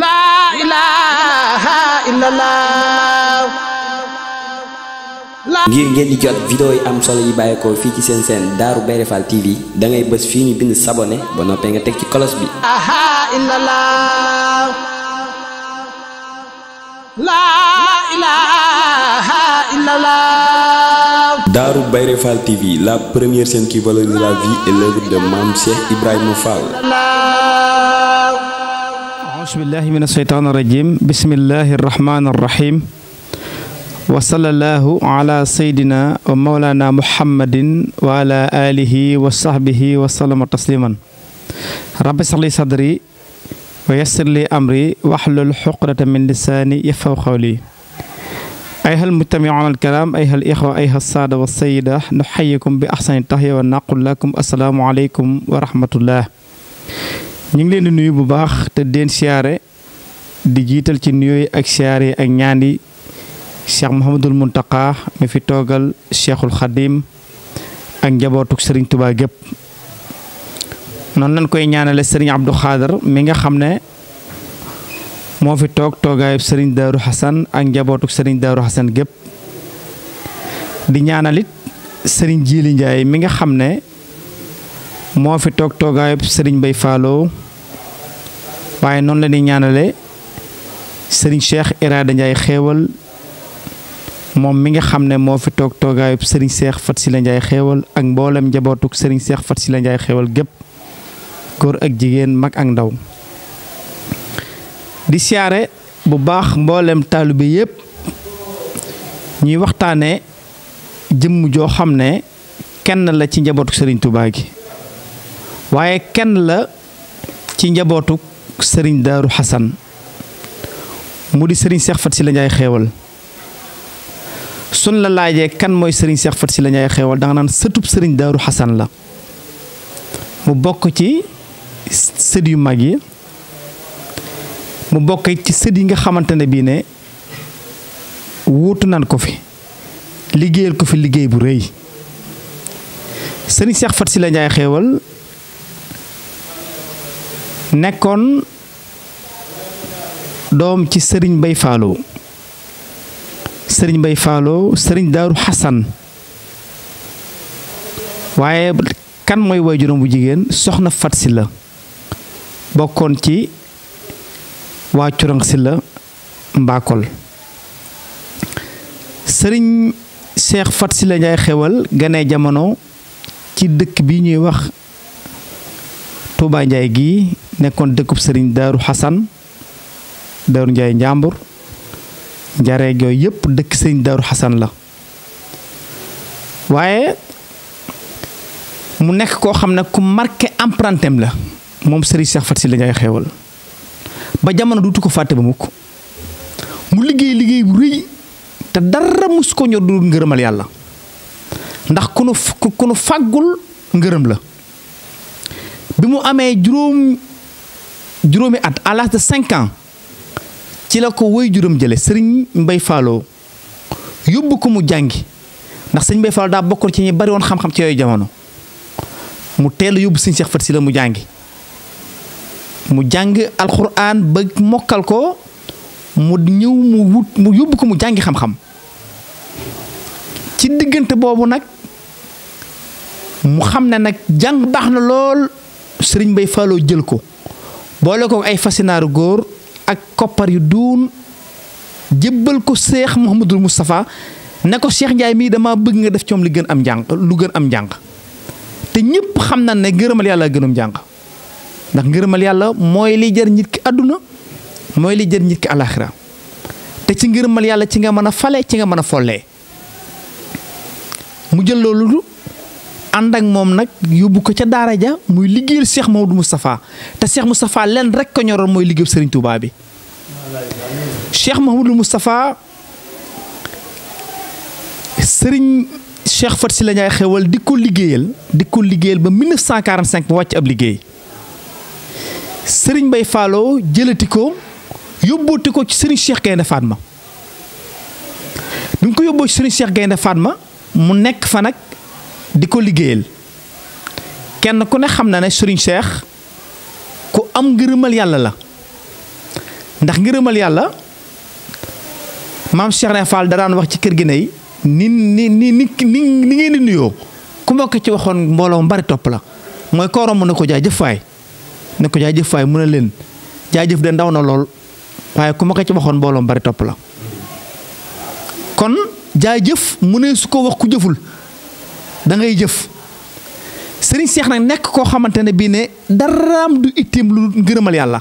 laa ilaaha ngir ngeen di jot vidéo yi am solo yi bàyyeekoo fii ci seen seen Darou Bairé TV da bës fii ñu bind sabonné ba noppee nga teg ci kolos bi. Darou Bairé Fall TV la première chaîne qui valorise la vie et de Mame Cheikh Ibrahima Fall. أعوذ بالله من الشيطان الرجيم بسم الله الرحمن الرحيم وصلى الله على سيدنا ومولانا محمد وعلى آله وصحبه وسلم تسليما رب اشرح لي صدري ويسر لي أمري واحلل حقدة من لساني يفقهوا قولي أيها المتابعون الكرام أيها الإخوة أيها السادة والسيدة نحييكم بأحسن التحية ونقول لكم السلام عليكم ورحمة الله ñu ngi leen di nuyu bu baax te deen siyaare di jiital ci nuyooyu ak siyaare yi ak ñaandi cheikh Mouhamadul Mountakha mi fi toogal cheikhul Khadim ak njabootuk sëriñ tubaa gépp noonu lañ koy ñaanale Serigne Abdou Khader mi nga xam ne moo fi toog toogaayub sëriñ Darou Hassan ak njabootuk Serigne Darou Hassan gépp di ñaanalit Serigne Djili Ndiaye mi nga xam ne moo fi toog toogaayub Serigne waaye noonu la ñuy ñaanale sëriñ Cheikh Irada Ndiaye xéewal moom mi nga xam ne moo fi toog toogaayub sëriñ seex Fat Sila Ndiaye xéewal ak mboolem njabootug sëriñ Cheikh Fat Sila Ndiaye xéewal gépp góor ak jigéen mag ak ndaw di siyaare bu baax mboolem taalibe yépp ñuy waxtaane jëmm joo xam ne kenn la ci njabootuk sëriñ Touba gi waaye kenn la ci njabootuk sëriñ daaru xasan mu di sëriñ seex fat si la njaay xeewal sun la laajee kan mooy sëriñ seex fat si la njaay xeewal danga naan sëtub sëriñ daaru xasan la mu bokk ci sët yu mag yi mu bokk ci sët yi nga xamante ne bii ne wuutu nan ko fi liggéeyal ko fi liggéey bu rëy sëriñ seex fat si la njaay xeewal nekkoon doom ci sëriñ bay faalo sëriñ bay faalo sëriñ daaru xasan waaye kan mooy waajuram bu jigéen soxna fatsi la bokkoon ci waa curang la mbaakol sëriñ seex fat si la njaay xewal gane jamono ci dëkk bi ñuy wax Touba Njaay gi nekkoon dëkkub sëriñ daru Hasan, daru njaay njàmbur njareeg yooyu yep dekk serigne daru hasan la waye mu nek ko xamne ku marqué empreinte la mom serigne Cheikh Faty la ngay xewal ba jamono duutu ko fatte ba mukk mu liggey liggey bu reuy te dara mus ko ñor du ngeureumal yalla ndax kunu kunu fagul ngeureum la bimu amé juroom juróomi at à l'âge de cinq ans ci la ko woy juróom jële sëriñ Mbay Falloo yóbbu ko mu jàngi ndax sëñ Mbay Falloo daa bokkoon ci ñi bari woon xam-xam ci yooyu jamono mu teel a yóbbu sëñ Seex Fat si la mu jàngi mu jàng alxuraan ba mokkal ko mu ñëw mu wut yóbbu ko mu jàngi xam-xam ci diggante boobu nag mu xam ne nag jàng baax na lool sëriñ Mbay Falloo jël ko boole ko ay fasinaaru góor ak koppar yu duun jébbal ko seex Mouhamadul mustafa ne ko Cheikh Ndiaye mii dama bëgg nga def coom li gën am njàng lu gën am njàng te ñëpp xam na ne ngërëmal yàlla gënum njàng ndax ngërëmal yàlla mooy li jar nit ki àdduna mooy li jar nit ki alaxira te ci ngërëmal yàlla ci nga mën a fale ci nga mën a follee mu jël loolu ànd ak moom nag yóbbu ko ca daara ja muy liggéeyal Cheikh Maodo Moustapha te Cheikh Moustapha leen rek ko ñoroon mooy liggéeyub Serigne Touba bi Cheikh Mahamadou Moustapha Serigne Cheikh Faty Sylla Ndiaye xewal di ko liggéeyal di ko liggéeyal ba 1945 mu wàcc ab liggéey sëriñ Bay Fallou jëlati ko yóbbooti ko ci Serigne Cheikh Gaynde Fatma bi mu ko yóbboo ci Serigne Cheikh Gaynde Fatma mu nekk fa nag. di ko liggéeyal kenn ku ne xam na ne Serigne Cheikh ku am ngërëmal yàlla la ndax ngërëmal yàlla maam Cheikh ne Fall da daan wax ci kër gi ne ni ni ni ni ni ngeen di nuyoo ku mbokk ci waxoon mbooloo mu bari topp la mooy koorom mu ne ko jaajëf faay ne ko jaajëf faay mu ne leen jaajëf de ndaw na lool waaye ku mbokk ci waxoon mbooloo bari topp la kon jaajëf mu ne su ko wax ku jëful. da ngay jëf sëriñ seex nag nekk koo xamante ne bii ne daraam du itteem lu ngërëmal yàlla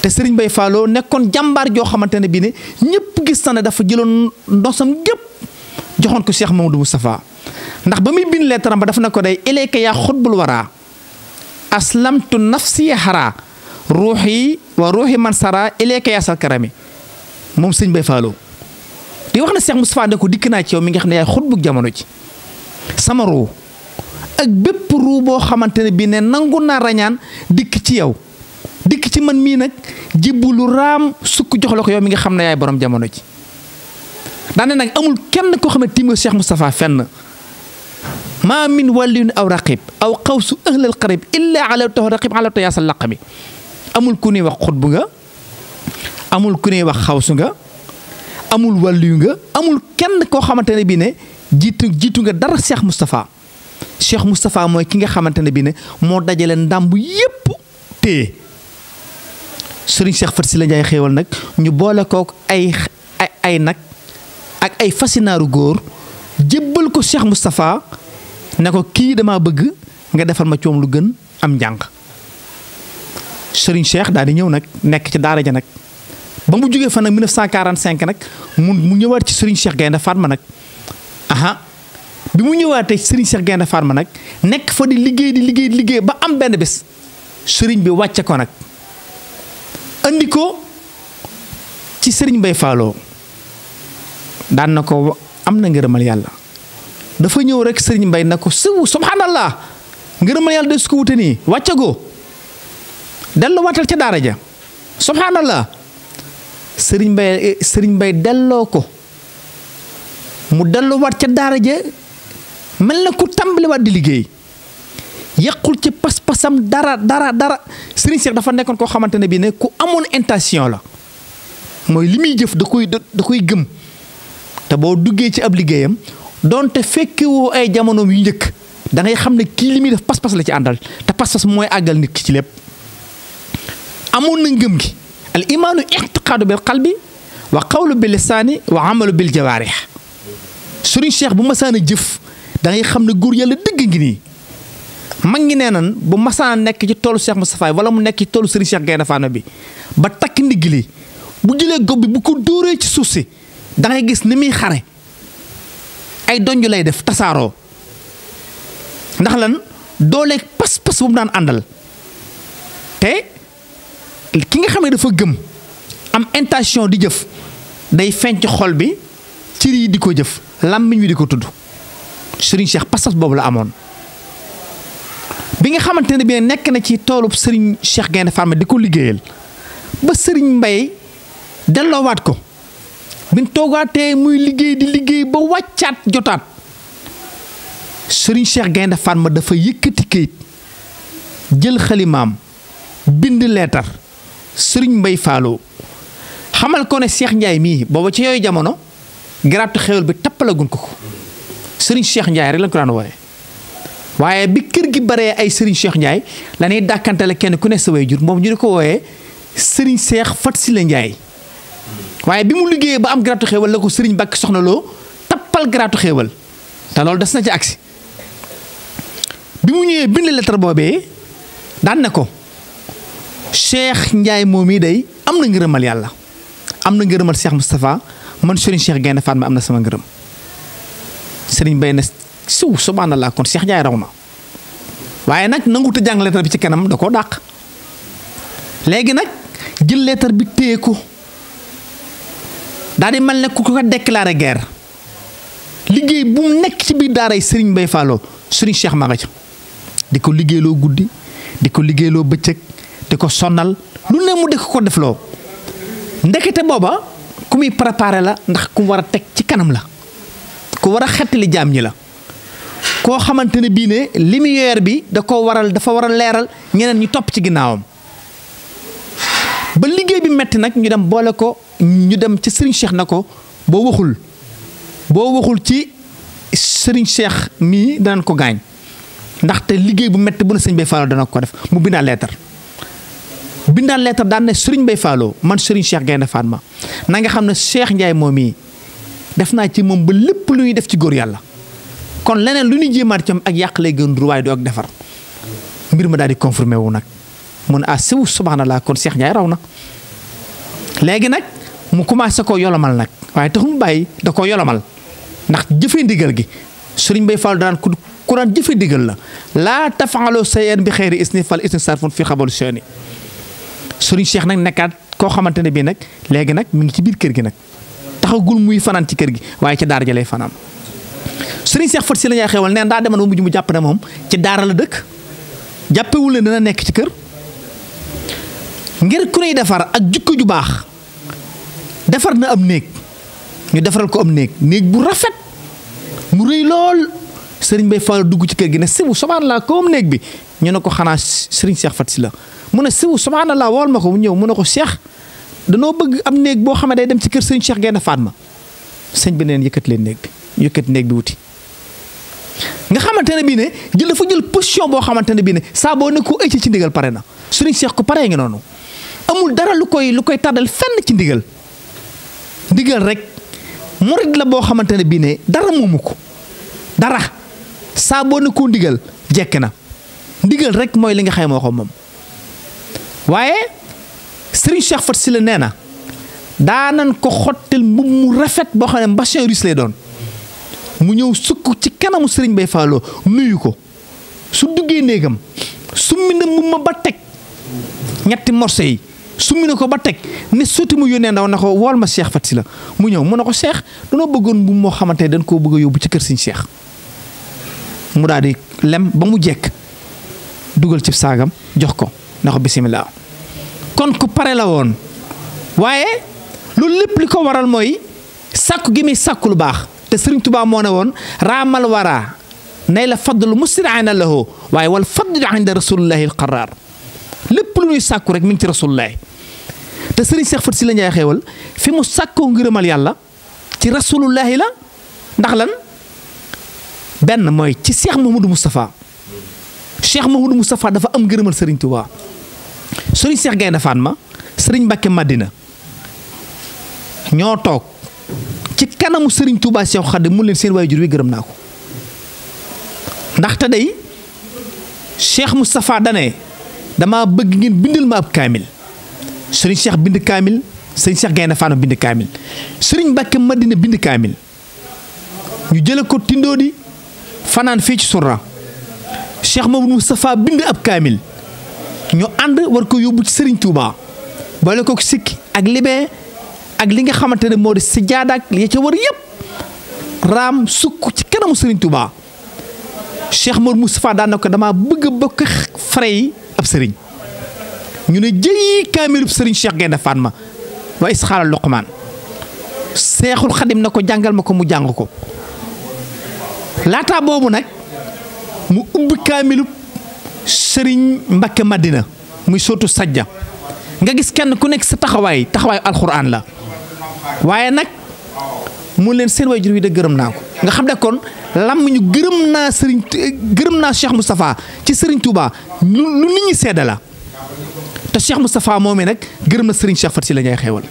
te sëriñ Bay Fallou nekkoon jàmbaar joo xamante ne bii ñëpp gis na ne dafa jëloon ndosam joxoon ko Cheikh Mamadou Moustapha ndax ba muy bind leetaram ba dafa ne ko day ilayka yaa xutbul waraa aslamtu nafsi xaraa ruuxi wa ruuxi man sara ilayka yaa moom sëriñ Bay Fallou di wax na Cheikh Moustapha ne ko dikk naa ci yow mi nga xam ne yaay xutbu jamono ji sama ruu ak bépp ruu boo xamante ne bii ne nangu naa rañaan dikk ci yow dikk ci man mii nag jibbu lu raam sukk jox la ko yow mi nga xam ne yaay boroom jamono ci daane nag amul kenn koo xam ne tiimee Cheikh Moustapha fenn maa min wàllin aw raqib aw xawsu ahlal qarib illaa ala tax raqib laq bi amul ku ne wax xutbu nga amul ku ne wax xaw su nga amul wàlliyu nga amul kenn koo xamante ne bi ne jiitu jiitu nga dara Cheikh Moustapha Cheikh Moustapha mooy ki nga xamante ne bi ne moo dajale ndàmb yépp téye sëriñ Cheikh si Sylla Ndiaye xéewal nag ñu boole kook ay ay nag ak ay fasinaaru góor jébbal ko Cheikh Moustapha ne ko kii dama bëgg nga defal ma coom lu gën am njàng sëriñ Cheikh daal di ñëw nag nekk ci daara ja nag ba mu jógee fa nag 1945 nag mu mu ñëwaat ci Serigne Cheikh Gaynde Fatma nag aha bi mu ñëwaatee ci Serigne Cheikh Gaynde Fatma nag nekk fa di liggéey di liggéey liggéey ba am benn bés sëriñ bi wàcce ko nag andi ci Serigne Mbaye Falloo daan na ko am na ngërëmal yàlla dafa ñëw rek Serigne Mbaye na ko siw subhanallah ngërëmal yàlla de su ko wute nii wàcce goo dellu waatal ca daara ja subhanallah serigne bay eh, serigne bay delloo ko mu dello wat ci dara je mel na ku tambali wat di liggey yakul ci pas-pasam dara dara dara Sering Cheikh dafa nekkon ko xamantene bi ne ku amone intention la moy limi muy jëf da koy da koy gëm te bo duggé ci ab liggéeyam donte wo ay jamono yu njëkk da ngay xam ne kii def pas-pas la ci andal te pas-pas moy agal nit ki ci lepp amone gi. al imaanu itiqaadu bil qalbi wa qawlu bil lisaani wa amalu bil jawaarih sëriñ Cheikh bu masaan jëf dangay xam ne góor yàlla dëgg ngi nii mag ngi nee nan bu massaan nekk ci toolu Cheikh Moustapha wala mu nekk ci toolu sëriñ Cheikh Gaynde Fatma bi ba takk ndigg li bu jëlee gob bi bu ko dóoree ci suuf si dangay gis ni muy xare ay donju lay def tasaaroo ndax lan dooleeg pas-pas bu mu daan àndal ki nga xam ne dafa gëm am intention di jëf day feeñ ci xol bi cër yi di ko jëf làmmiñ wi di ko tudd sëriñ Cheikh passage boobu la amoon bi nga xamante ne bi nekk na ci toolu sëriñ Cheikh Gaynde Fatma di ko liggéeyal ba sëriñ Mbaye delloowaat ko bi toogaatee muy liggéey di liggéey ba wàccaat jotaat sëriñ Cheikh Gaynde Fatma dafa yëkkati kayit jël xalimaam bind leetar sëriñ mbay faaloo xamal ko ne Cheikh Ndiaye mii booba ci yooyu jamono garaatu xewal bi tappalagun ko ko sëriñ Cheikh lañ ko daan wooye waaye bi kër gi baree ay sëriñ Cheikh Ndiaye la ñuy dàkkantale kenn ku ne sa jur moom ñu di ko wooyee sëriñ Cheikh Fat Sila Ndiaye waaye bi mu liggéeyee ba am garaatu xewal la ko sëriñ Bakki soxna loo tappal garaatu xewal te loolu des na ci agsi bi mu ñëwee bind lettre boobee daan ko. Cheikh ndjay momi day am ngeureumal yalla amna am Cheikh mustafa man Serigne Cheikh Gaynde Fatma am sama ngeureum Serigne bayna sou subhanallah kon Cheikh ndjay raw waye nak nangou nanguta jàng leetar bi ci kanam dako dak legui nak nag jël leetar bi téye dadi daal di mel lo, ku ko déclarer guerre bu nek ci bi Serigne bay fallo Serigne Cheikh magadi diko di goudi diko di ko di ko sonnal lu ne mu di ko loo ndekete booba ku muy préparé la ndax ku war a teg ci kanam la ku war a xettali jaam ñi la koo xamante ne bii ne lumière bi da ko waral dafa war a leeral ñeneen ñu topp ci ginnaawam ba liggéey bi metti nag ñu dem boole ko ñu dem ci Serigne Cheikh na ko boo waxul boo waxul ci sëriñ Cheikh mii danañ ko gaañ ndaxte liggéey bu metti bu na sëñ bee faral dana ko def mu bindaa leetar bindaan lettre daan ne Serigne faalo Fallo man Serigne Cheikh Gaynde Fatma na nga xam ne Cheikh Ndiaye moom mii def naa ci moom ba lépp lu ñuy def ci góor yàlla kon leneen lu ñuy jéemaat ci moom ak yàq lay gën ruwaay doo ak defar mbir ma daal di confirmé wu nag mun a ah, siw subhanallah kon Cheikh Ndiaye raw na léegi nag mu commencé koo yolomal nag waaye tax mu bàyyi da koo yolomal ndax jëfe ndigal gi Serigne Mbaye Fallo daan ku ku daan jëfe ndigal la laa tafaaloo sayen bi xeeri isni fal isni sarfun fi xabalu seeni sëriñ Cheikh nag nekkaat koo xamante ne bii nag léegi nag mu ngi ci biir kër gi nag taxagul muy fanaan ci kër gi waaye ci daara ja lay fanaan sëriñ Cheikh Faty Sylla la ñuy xewal neen daa demoon ba mujj mu jàpp ne moom ci daara la dëkk jàppewul ne dana nekk ci kër ngir ku nuy defar ak jukko ju baax defar na am néeg ñu defaral ko am néeg néeg bu rafet mu rëy lool. sëriñ Bay Fall dugg ci kër gi ne sibu subhanallah comme néeg bi ñu ne ko xanaa sëriñ seex Fat si la mu ne sibu subhanallah wool ma ko mu ñëw mu ne ko seex danoo bëgg am néeg boo xam ne day ci kër sëriñ Cheikh Gaynde Fatma sëñ bi neen yëkkat néeg bi yëkkat néeg bi wuti nga xamante ne bii ne jël dafa jël position boo xamante ne bii ne saaboo boo nekkoo ëcc ci ndigal pare na sëriñ Cheikh ko paree ngi noonu amul dara lu koy lu koy tàddal fenn ci ndigal ndigal rek murid la boo xamante ne bii ne dara moomu ko dara saaboo boo ne koo ndigal jekk na ndigal rek mooy li nga xay moo ko moom waaye sëriñ Cheikh Fat la nee na daanan ko xottil mbubb mu rafet boo xam ne mbachin russe lay doon mu ñëw sukk ci kanamu sëriñ Bay Fallou nuyu ko su duggee néegam summi na mu ma ba teg ñetti morso yi summi na ko ba teg ne sotti mu yónnee ndaw na ko wool ma Cheikh Fat la mu ñëw mu ne ko Cheikh danoo bëggoon mbubb moo xamante ne dañ koo bëgg a yóbbu ci kër Serigne Cheikh mu daal di lem ba mu jekk dugal ci saagam jox ko na ko bisimilah kon ku pare la woon waaye loolu lépp li ko waral mooy sàkku gi muy sakk lu baax te Sëriñ Tuubaa moo ne woon raamal wara nay la lu musri'ana lahu waaye wal fadlu inda rasulillahi al qaraar lépp lu ñuy sàkku rek mi ngi ci rasulillahi te Sëriñ Seex Faty Sylla Ndiaye fi mu sàkkoo ngërëmal yàlla ci rasulillahi la ndax lan benn mooy ci Cheikh Mamadou Moustapha Cheikh Mamadou Moustapha am ngërëmal Serigne Touba Serigne Cheikh Gaynde Fatma Serigne Mbacke ñoo toog ci kanamu Serigne Touba Cheikh Khadim mu leen seen waajur wi gërëm naa ko ndaxte day Cheikh Moustapha dane dama bëgg ngeen bindal ma ab kaamil Serigne bind kaamil Serigne Cheikh Gaynde Fatma bind kaamil Serigne Mbacke Madina ñu jële ko tindoo di fanan fii ci surra Cheikh Mamadou Moustapha bind ab kaamil ñu ànd war ko yóbbu ci Serigne Touba boole ko sikki ak libé ak li nga xamantene modi sidiada ak li ci war yëpp ram sukku ci kanamu Serigne Touba Cheikh Mamadou mustapha daan na bëgg bëkk bokk ab Serigne ñu ne jëyi kaamilub Serigne Cheikh Gaynde Fatma wa isxaala luqman cheikhul khadim nako jàngal mako mu jàng ko. laata boobu nag mu ubbi kaamilub sëriñ Mbakke Madina muy sootu sajja nga gis kenn ku nekk sa taxawaay taxawaayu alxuraan la waaye nag mu leen seen waajur wi de gërëm naa ko nga xam ne kon lam ñu gërëm naa sëriñ gërëm naa Cheikh Moustapha ci sëriñ Touba lu lu nit ñi seede la te Cheikh Moustapha moomee nag gërëm na sëriñ Cheikh Faty Sylla Ndiaye xewal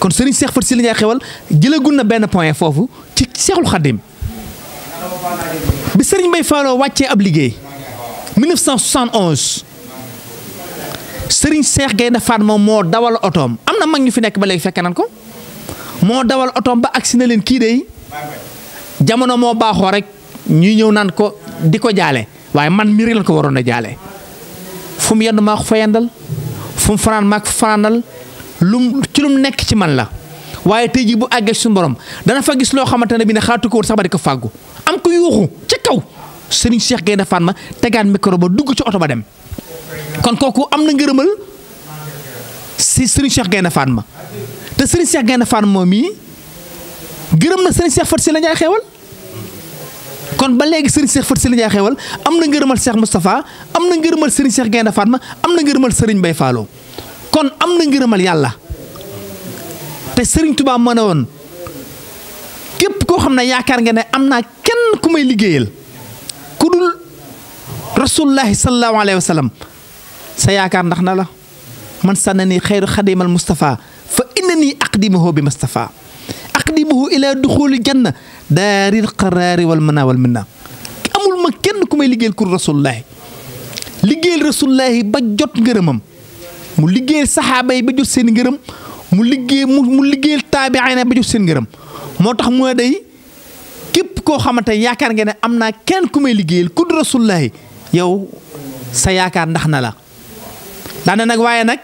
kon sëriñ Cheikh Faty Sylla Ndiaye xewal jëlagul na benn point foofu ci Cheikhul Khadim bi Serigne Mbaye Fallou wàccee ab liggéey 1971 Serigne Cheikh Gaynde moom moo dawal otoom am na mag ñu fi nekk ba léegi fekke nan ko moo dawal otoom ba agsi na leen kii de jamono moo baaxoo rek ñu ñëw naan ko di ko jaale waaye man miri lañ ko waroon a jaale fu mu yendu maa ko fanaan maa ko fanaanal lum ci lum nekk ci man la waaye tey jii bu àggee suñu borom dana fa gis loo xamante ne bi ne xaatu ko wut sax ba di ko fàggu am ko yuuxu sëriñ Cheikh Gaynde Fatma tegaat micro ba dugg ci oto ba dem kon kooku am na ngërëmal si sëriñ Cheikh Gaynde Fatma te sëriñ Cheikh Gaynde Fatma moom mii gërëm na sëriñ Cheikh Faty Sylla Ndiaye xewal kon ba léegi sëriñ Cheikh Faty Sylla Ndiaye xeewal am na ngërëmal Cheikh Moustapha am na ngërëmal sëriñ Cheikh Gaynde Fatma am na ngërëmal sëriñ Bay Faalo kon am na ngërëmal yàlla te sëriñ Tuubaa mën ne woon képp koo xam ne yaakaar nga ne am naa kenn ku may liggéeyal ku dul rasulullahi sallallahu alayhi wa sallam sa yaakaar ndax na la man sànna ni xayru xadimal Moustapha fa inna nii aqdimahu bi Moustapha aqdimahu ilaa duxuli janna daaril qaraari wal mana wal minna amul ma kenn ku may liggéeyal kur rasulullahi liggéeyal rasulullahi ba jot ngërëmam mu liggéeyal saxaaba yi ba jot seen ngërëm mu liggéey mu liggéeyal taabiina ba jot seen ngërëm moo tax mu day képp koo xamante ne yaakaar nga ne am naa kenn ku may liggéeyal ku du rasulullahi yow sa yaakaar ndax na la daane nag waaye nag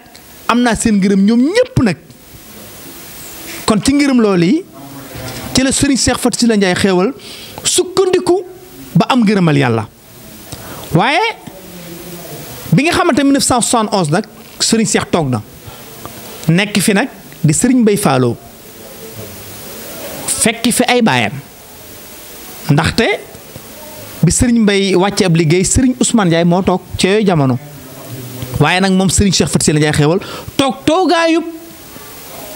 am naa seen ngërëm ñoom ñëpp nag kon ci ngërëm loolu yi ci la sëriñ Seex Faty la Ndiaye xéewal sukkandiku ba am ngërëmal yàlla waaye bi nga xamante 1971 nag sëriñ Seex toog na nekk fi nag di sëriñ Bay Fallou fekk fi ay baayam ndaxte bi sëriñ Mbay wàcce ab liggéey sëriñ Ousmane Ndiaye moo toog ci jamono waaye nag moom sëriñ Cheikh Faty Sylla Ndiaye xewal toog toogaayub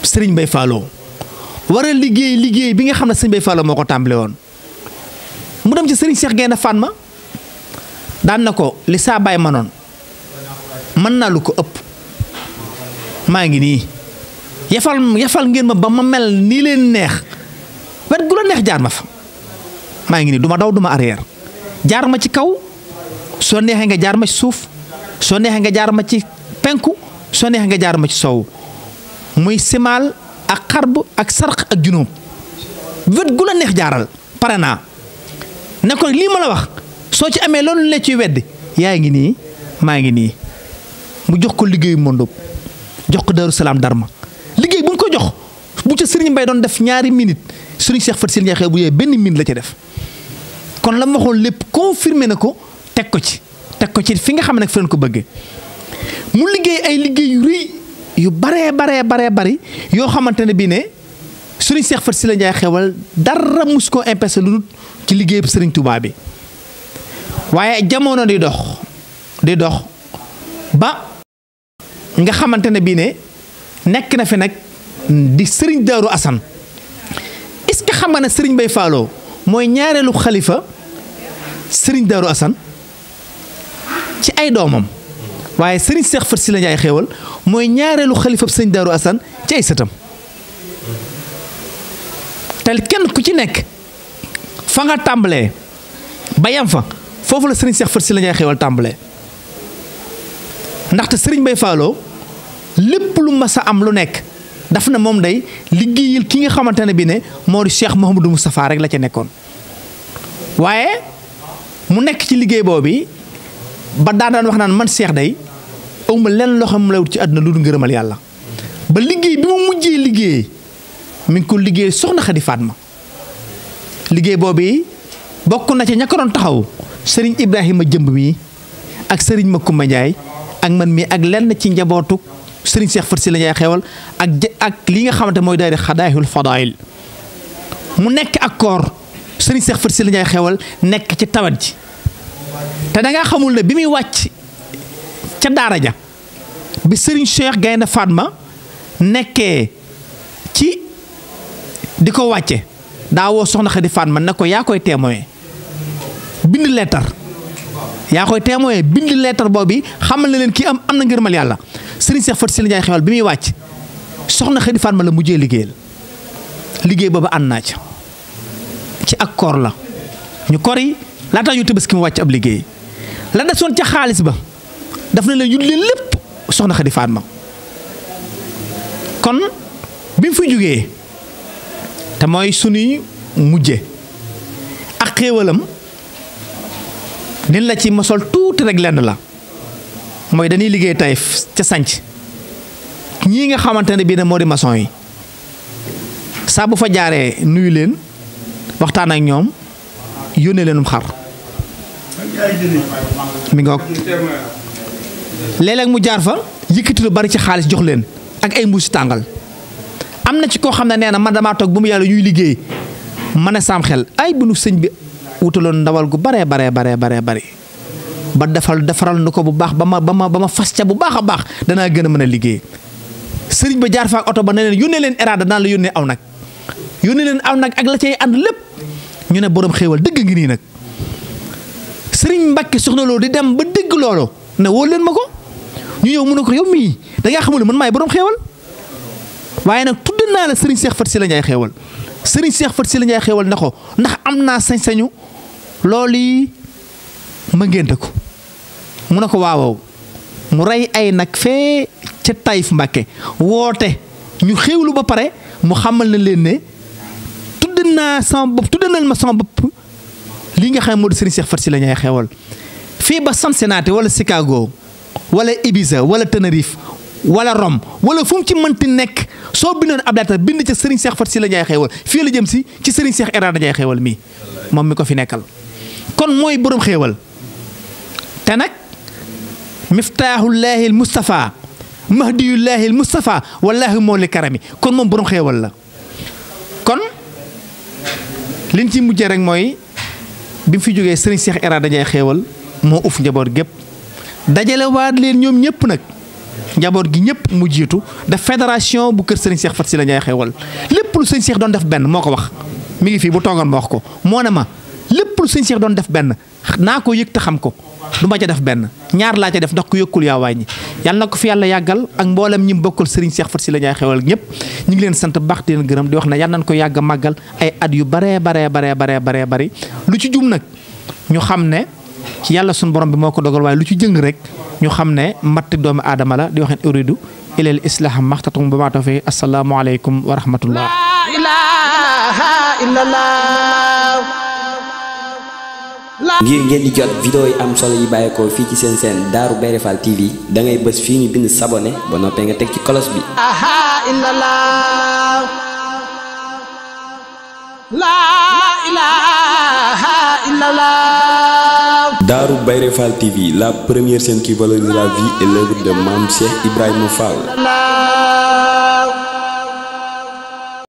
sëriñ Mbay Fallou war a liggéey liggéey bi nga xam ne sëriñ Mbay Fallou moo ko tàmbale woon mu dem ci sëriñ Cheikh Gaynde Fatma daan na ko li saa baay manoon mën naa lu ko ëpp maa ngi nii yafal yafal ngeen ma ba ma mel nii leen neex wet gu la neex jaar ma fa maa ngi nii du daw duma ma jaar ma ci kaw soo neexee nga jaar ma ci suuf soo neexee nga jaar ma ci penku soo neexee nga jaar ma ci sow muy simaal ak xarb ak sarq ak junóob wet gu la neex jaaral pare naa ne ko lii ma la wax soo ci amee loolu la ciy wedd yaa ngi nii maa ngi nii mu jox ko liggéeyu mondóob jox ko Daaru Salaam ma liggéey bu mu ko jox bu ca Sëriñ Mbay doon def ñaari minute sëriñ Cheikh Faty Syll Ndiaye bu yooyu benn miin la ca def kon la ma waxoon lépp confirmé na ko teg ko ci teg ko ci fi nga xam ne nag fi ko bëggee mu liggéey ay liggéey yu rëy yu baree baree baree bari yoo xamante ne bii ne sëriñ Cheikh Faty Syll Ndiaye xewal dara mus koo impesé lu dul ci liggéeyub sëriñ Touba bi waaye jamono di dox di dox ba nga xamante ne bii ne nekk na fi nag di sëriñ Daaru Assane est-ce que xam nga ne Serigne Mbaye Fallo mooy ñaareelu xalifa Serigne Darou Assane ci ay doomam waaye Serigne Cheikh Faty Sylla Ndiaye xewal mooy ñaareelu xalifa Serigne Darou Assane ci ay sëtam te kenn ku ci nekk fa nga tàmbalee ba yam fa foofu la Serigne Cheikh Faty Sylla Ndiaye xéewal tàmbalee ndaxte Serigne Mbaye Fallo lépp lu mas a am lu nekk. daf na moom day liggéeyal ki nga xamante ne bi ne moo di Cheikh Mouhamadou Moustapha rek la ca nekkoon waaye mu nekk ci liggéey boobu ba daan daan wax naan man Cheikh day awma lenn loo xam mu lay wut ci àdduna lu dul ngërëmal yàlla ba liggéey bi mu mujjee liggéey mu ngi ko liggéey soxna Xadi ma liggéey boobu bokk na ca ña ko doon taxaw sëriñ Ibrahima jëmb mi ak sëriñ Makumba Njaay ak man mii ak lenn ci njabootu Serigne Cheikh Faty Sy la ñuy xewal ak ak li nga xamante mooy daayira xaddaayul Fadaayil mu nekk ak koor Serigne Cheikh Faty Sy xewal nekk ci tawet ji te danga xamul ne bi muy wàcc ca daara ja bi Serigne Cheikh Gaynde Fatma nekkee ci di ko wàcce daa woo soxna Xadi Fatma ne ko yaa koy témoin bind leetar yaa koy témoin bind leetar boobu xamal na leen kii am am na ngërmal yàlla. Serigne Cheikh Faty Sylla Ndiaye xewal bi muy wàcc soxna Xadi Fatma la mujjee liggéeyal liggéey booba ànd naa ca ci ak koor la ñu kor yi laataa ñu tëbaski mu wàcc ab liggéey la desoon ca xaalis ba daf na la yulli lépp soxna Xadi ma kon bi mu fi jógee te mooy sunuy mujje ak xéewalam nin la ci mosol tuuti rek lenn la mooy dañuy liggéey Taïf ca sanc ñi nga xamante ne bii ne moo di maçon yi saa bu fa jaaree nuyu leen waxtaan ak ñoom yónnee leenum xar mi ngoog léeg-léeg mu jaar fa yëkkati lu bari ci xaalis jox leen ak ay mbuusi tàngal am na ci koo xam ne nee na man dama toog ba mu yàlla ñuy liggéey man a saam xel ay bu nu sëñ bi wutaloon ndawal gu baree baree baree baree bari ba defal defaral nu ko bu baax ba ma ba ma ba ma fas ca bu baax a baax danaa gën a mën a liggéey sëriñ ba jaar faak oto ba ne yónnee leen eraada danaa la yónnee aw nag yónnee leen aw nag ak la cay ànd lépp ñu ne borom xéewal dëgg ngi nii nag sëriñ Mbàkke soxna loolu di dem ba dëgg loolu ne woo leen ma ko ñu ñëw mu ne ko yow mii da ngaa xamul man maay borom xéewal waaye nag tudd naa la sëriñ Seex Fat Si la ñuy xéewal sëriñ Seex Fat Si la ñuy xéewal na ko ndax am naa sañ-sañu loolu yi ma ko mu ne ko waawaw mu rey ay nag fee ca Taïf Mbàkke woote ñu xéwlu ba pare mu xamal na leen ne tudd naa sama bopp tuddanal ma sama bopp li nga xam ne moo di Serigne Cheikh Faty Sy la ñuy xewal fii ba Cincinnati wala Chicago wala Ibiza wala Tenerife wala Rome wala fu mu ci mënti nekk soo bindoon ab lettre bind ca Serigne Cheikh Faty Sy la ñuy xewal fii la jëm si ci Serigne Cheikh Ira dañuy xewal mii moom mi ko fi nekkal kon mooy boroom xéewal te nag miftaahullaahi al Moustapha mahdiyullaahi al Moustapha wallaahi moo li karami kon moom borom xeewal la kon liñ ci mujjee rek mooy bi mu fi jógee sëriñ seex Era dajee xeewal moo uf njaboot gépp dajale waat leen ñoom ñëpp nag njaboot gi ñëpp mu jiitu def fédération bu kër sëriñ Cheikh Faty Sylla Ndiaye xéewal lépp lu sëriñ Cheikh doon def benn moo ko wax mi ngi fii bu toogoon ma wax ko moo ne ma lépp lu sëñ seex doon def benn naa ko yëg te xam ko du ma ca def benn ñaar laa ca def ndax ku yokkul yaa wàññi yàlla na ko fi yàlla yàggal ak mboolem ñi bokkal sëriñ Seex Fat Sylla Njaay xewal ñëpp ñu ngi leen sant baax di leen gërëm di wax ne yàlla nañ ko yàgg màggal ay at yu baree baree baree baree lu ci jum nag ñu xam ne yàlla suñu borom bi moo ko dogal waaye lu ci jëng rek ñu xam ne matt doomu aadama la di wax ne uridu ilal islah maxtatum ba maa tawfiq assalaamu aleykum wa rahmatullah ngir ngeen di jot vidéo yi am solo yi bàyyeekoo fii ci seen seen daaru Bairé Fall TV da ngay bës fii ñu bind sabonné ba noppee nga teg ci kolos bi. Darou Bairé Fall TV la première chaîne qui valorise la vie et l'œuvre de Mame Cheikh Ibrahima Fall.